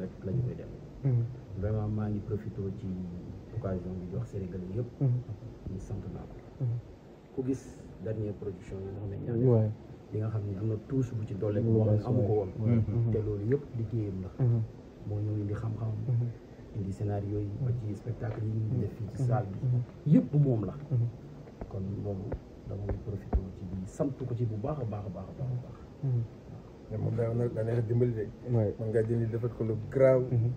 rek lañu koy dem mm-hmm. vraiment maa ngi profité ci occasion bi wax Sénégalais yëpp mm-hmm. ñu sant naa ko mm-hmm. ku gis dernier production yi nga xam ne xam ne am na tuus bu ci doole boo xam ne ko woon te loolu yëpp liggéeyam la moo ñëw indi xam-xam indi scénario yi ba ci spectacle yi ñu def fii ci salle bi yëpp moom la kon loolu dama ngi profité ci sant ko ci bu baax a baax a baax baax mais moom daa na daa neex a dimbali de. waaw man ngaa jëndi defal ko lu garaaw. Mhm.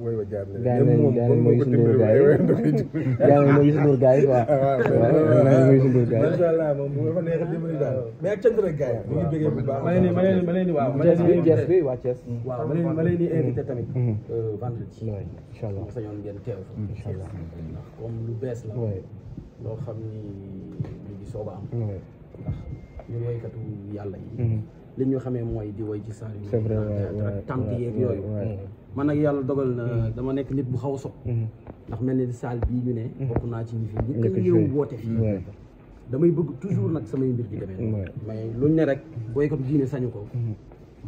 woy wa jaar na leen moom moom moo ko dimbali waaye waaye ndox mi dimbali. jaay ma Youssou Ndour gars yi quoi. Ah, waaw waaw Youssou Ndour gars yi. macha allah moom bu ko neex a dimbali daal. mais ak cant rek gars yi. waaw waaw bu baax ma leen di ma leen di ma leen di waaw. ma leen di Thiès bi waa Thiès. waaw ma leen ma leen di mm-hmm. invité tamit. Mm-hmm. Euh, vendredi. waaw incha allah ma sañoon ngeen teew. incha allah ndax comme lu bees la. waaw loo xam ni ñu ngi soog a am. ndax ñu woykatu yàlla yi. Mm-hmm. li ñu xamee mooy di woy ci saal yi. c'est vrai waay yooyu. man nag yàlla dogal na mm-hmm. dama nekk nit bu xaw a sob mm-hmm. ndax mel na ni saal bii ñu ne. Mm-hmm. bokk naa ci ñi fi ñu ko ñëw woote fii. damay bëgg toujours nag samay mbir di demee. mais luñ ne rek woykatu diine sañu ko.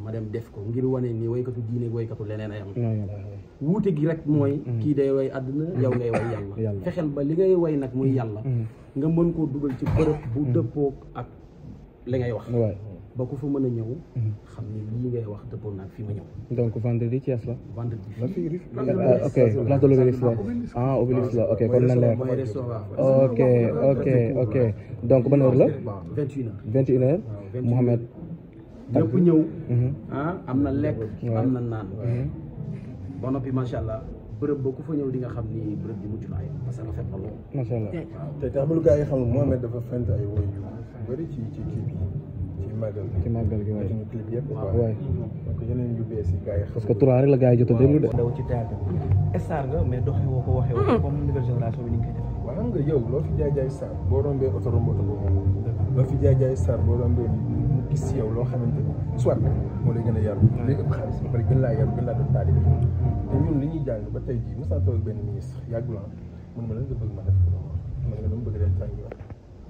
ma dem def ko ngir wane ni woykatu diine woykatu leneen a am. wuute gi rek mooy. kii day woy àdduna yow ngay way yàlla. fexeel ba li ngay woy nag muy yàlla. nga mën koo dugal ci bërëb bu dëppook ak ngay wax. ba ku fa mën a ñëw. Mhm. xam ne lii ngay wax dëppoon naag fi an ñëw. donc vendredi Thiès la. vendredi fii ok place de l'Obélisque la ah la ah, ok kon na leer. ok ok donc ban heure la. vingt une heures vingt et une heures mhm. ah, am na lekk. am na naan. Mhm. ba noppi macha allah. bërëb ba ku fa ñëw di nga xam ni bërëb bi mucc naa parce yi xam Mouhamed màggal gi ci màggal gi waaye suñu clip yëpp waaye donc yeneen yu bees yi gars yi parce que trois rek la gars yi jot a déglu de daw ci théâtre star nga mais doxee woo ko waxee woo comme nouvelle génération bi ni nga koy def waaw nga yow loo fi jaay jaay star boo rombee oto romb oto boobu loo fi jaay jaay star boo rombee mu gis si yow loo xamante soit moo lay gën a yaru lay ëpp xaalis ba pare gën laa yaru gën laa doon taali bi te ñun li ñuy jàng ba tey jii mosaa toog benn ministre yàggul ah, mun ma lan nga bëgg ma def ko man nga dama bëgg dem tàngi wax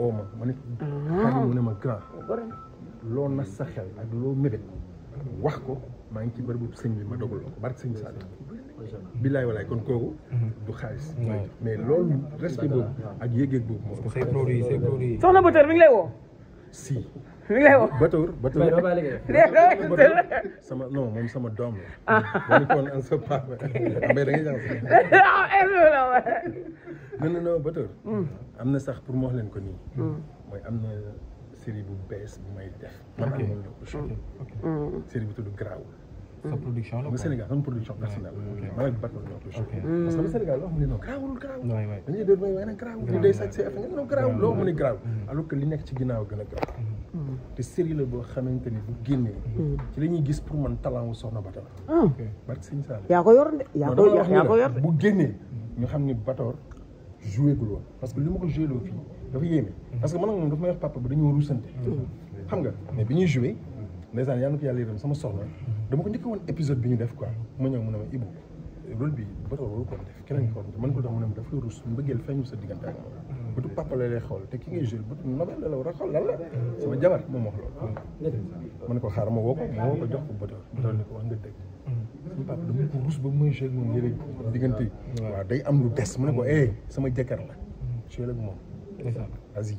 oo ma ma ne. Ah. xaaral mu ne ma grand. Oh, loo na sa xel ak loo mébét wax ko maa ngi ci bërëbu sëñ bi ma dogal ko barke sëñ Saaliw. bilaay walaay kon kooku. du xaalis. mais loolu respect boobu ak yéeg-yéeg boobu moom. say produits say produits. woo. si. Batour Batour. sama non moom sama doom la. wala ah. kon an sa papa mais am na sax pour mu leen ko nii. Hmm. mooy am na série bu bees bu may def. man amoon na ko série bu tudd Garaawul. Mm-hmm. sa production la quoi mm. Sénégal sama Sénégal loo xam ne non garaawul garaawul. Mm-hmm. li nekk ci ginnaaw gën a garaaw. Mm-hmm. te série la boo xamante ni bu génnee. ci la ñuy gis pour man talent wu soxna Bator. Ah. barke Sëñ Sall. bu génnee ñu xam ni Bator joué gul woon parce que li ma ko joué loo fii dafa yéeme. parce que man ak moom dafa may wax papa bi dañoo ruusante. xam nga mais bi ñuy joué ndeysaan yaa ngi ko yàlla sama soxna dama ko njëkk woon épisode bi ñu def quoi ma ñëw mu ne ma Ibou rôle bi Baro waru ko def keneen nga ko war man ko tax mu ne ma daf la rus mbëggeel feeñu sa diggante ak moom. Mm. la lay ki ngay joué bëtu nobel la la war a xool lan la mm. sama jabar moom wax mm. ko xaar ma woo ko ma woo ko jox ko bëtër bëtër ne ko wax nga dëgg. sama papa dama ko rus ba mu joué ak moom yële diggante yi. waaw day am lu des mu ne ko eh sama jëkkër la joué ak moom. Aziz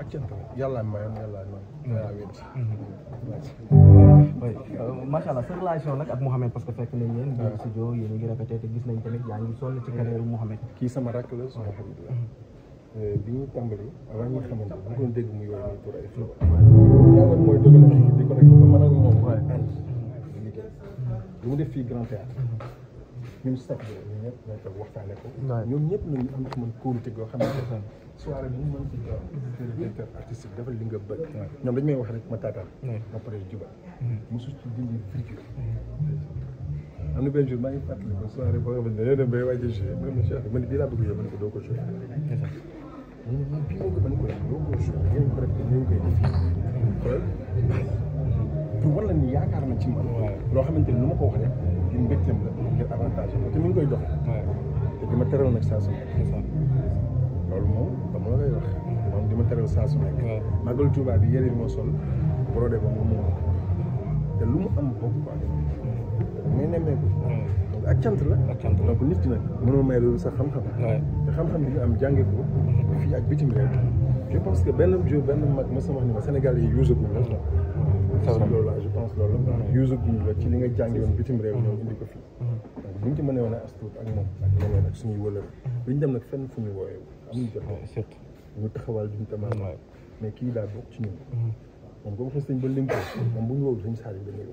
ak cant yàlla mayoon yàlla mayoon. Mm-hmm. Mm-hmm. Euh, macha allah sa relation ak Mouhamed parce que fekk nañ leen. waaw studio yéen a ngi répété te gis nañ tamit yaa ngi sonn ci carrière mm-hmm. Mouhamed. kii sama rakk la sama xarit la. Euh, bi ñu tàmbali avant ñu mu yooyu nii pour ay flot. mooy dogal di ko rek ba mën a moom waaye. fii grand théâtre ñun chaque jour ñun ñëpp ñoo toog waxtaane ko. ñoom ñëpp nañu am ci man kóolute goo xamante ne soirée bu mu mën ci doon. Mm-hmm. directeur artistique defal li nga bëgg. ñoom dañu may wax rek ma taataan. ma pare juba. Mm-hmm. mosu ci dindi virgule. am na benn jour maa ngi fàttali ko soirée boo xamante ne yéen a béy waaye jii ma ne ma si ma ne bii laa bëgg yow ma ne ko doo ko joué. ñu ne bii moo ko mën ko def doo ko joué ñu ngi ko def ñu ngi koy def pour wala ni yaakaar na ci man. loo xamante ne lu ma ko wax rek te mi ngi koy dox. te di ma teral nag saa su loolu moom dama la koy wax. moom di ma teral saa su nekk. màggal Tuubaa bi yére moo sol brodé ba moom moo te lu mu am bokk quoi. muy nemmeeku. donc ak cant la. ak cant la donc nit ki nag mënoo may loolu sax xam-xam. te xam-xam bi am jànge ko. fii ak bitim réew. je pense que benn jour benn mag ma sama wax ni ma Sénégal yi use guñ la. loolu la je pense loolu la. use guñ la ci li nga jànge woon bitim réew ñoom indi ko fii. buñ ci mënee woon a astuut ak moom ak ñeneen ak suñuy wëlër duñ dem nag fenn fu ñu wooyee amuñ jot surtout ñu taxawal duñ tamaam mais kii daal bokk ci ñun mm-hmm. moom boobu fa sëñ ba linkoo moom bu ñu wowul suñu saal yi dañuy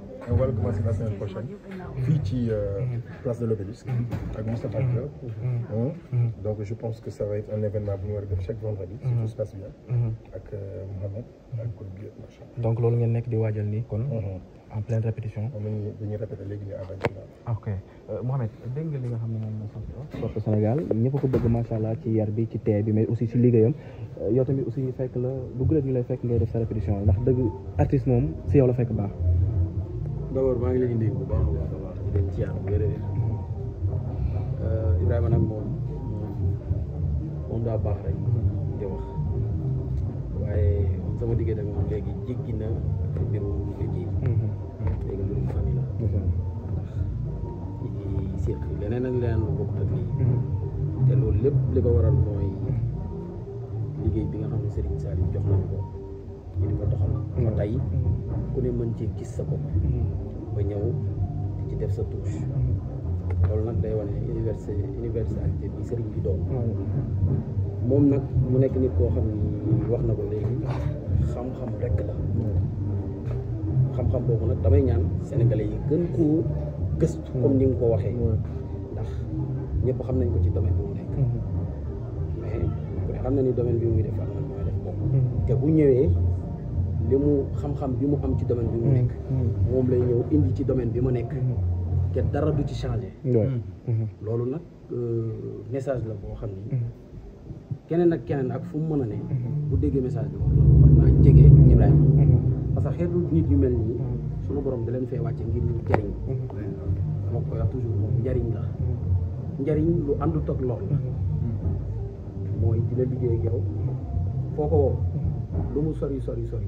on va le commencer la semaine prochaine fii euh, place de l'obélisque à ak Moustapha Diop donc je pense que ça va être un événement bu ñu chaque vendredi si tout se passe bien ak euh, Mohamed ak groupe bi machin donc loolu ngeen nekk di waajal nii kon mhm. en pleine répétition dañuy dañuy répéter léegi ñu avant final ok euh, Mohamed dégg nga li nga xamné ne moom mooy sopp Sénégal ñepp ko bëgg macha allah ci yar bi ci té bi mais aussi ci liggéeyam euh, yow tamit aussi fekk la du guléet ñu lay fekk ngay def sa répétition ndax dëgg artiste mom ci yow la fekk baax d'abord maa ngi leen di nuyu bu baax a baax a baax di leen ci yaatu wér Ibrahima nag moom moom daa baax rek di wax waaye sama diggante moom léegi jéggi na mbirum liggéey. Mm-hmm. léegi mbirum famille la. Mm-hmm. ndax ci leneen ak leneen lu bokk ak lii. Mm-hmm. te loolu lépp li ko waral mooy liggéey bi nga xam ne Serigne Saliou jox nañu ko. ñu di ko doxal ba tey ku ne mën ci gis sa bopp mm. ba ñëw ci def sa touche mm. loolu nag day wane université universalité bi sëriñ bi doon mm. moom nag mu nekk nit koo xam ni wax na ko léegi xam-xam rek la xam-xam boobu nag damay ñaan sénégalais yi gën koo gëstu comme ni nga ko waxee ndax ñëpp xam nañ ko ci domaine bi mu nekk mais xam na ni domaine bi muy def am mooy def bopp te bu ñëwee li mu xam-xam bi mu am ci domaine bi mu nekk moom lay ñëw indi ci domaine bi mu nekk mm-hmm. te dara du ci changé mm-hmm. Mm-hmm. loolu nag euh, message la boo xam ni keneen ak keneen ak fu mu mën a ne bu déggee message bi war na war naa jege Ibrahima parce que xeetu nit yu mel nii suñu borom da leen fee wàcce ngir ñu jariñ dama koy wax toujours njariñ la njariñ lu àndut ak lor la mooy dina liggéey ak yow foo ko woo lu mu sori sori sori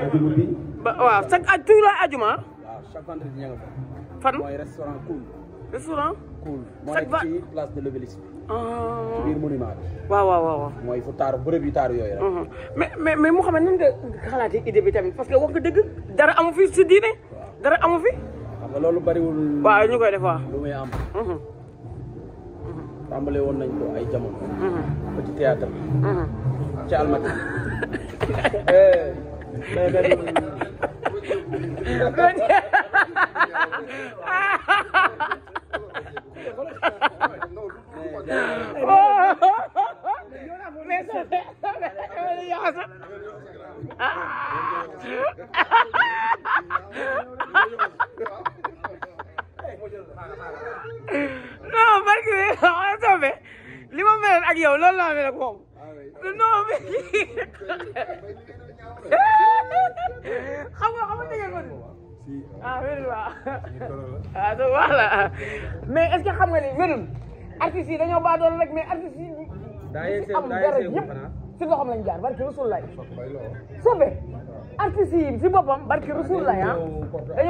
ajuma bi. ba waaw chaque aj toujours la ajuma. waaw chaque vendredi ña nga fa. fan mooy restaurant Cool. restaurant. Cool moo nekk ci place de l'Obélisque. ci biir monument bi. waaw waaw waaw. mooy fu taaru bërëb yu taaru yooyu rek. mais mais mais mu xam nan nga xalaatee idée bi tamit parce que wax nga dëgg dara amu fi si diine. dara amu fi. xam nga loolu bariwul. waaw ñu koy def waaw. lu muy am. Mhm. Mhm. tàmbale woon nañ ko ay jamono. ba mhm. ci théâtre bi. ci almati. Good. xam nga xam nga dëgg nga ah wérul waaw voilà mais est-ce que xam nga ni wérul artistes yi dañoo baa doon rek mais artistes yi am dara yëpp si loxoom lañ jaar barki Rasulullah sobe artistes yi si boppam barki Rasulullah ah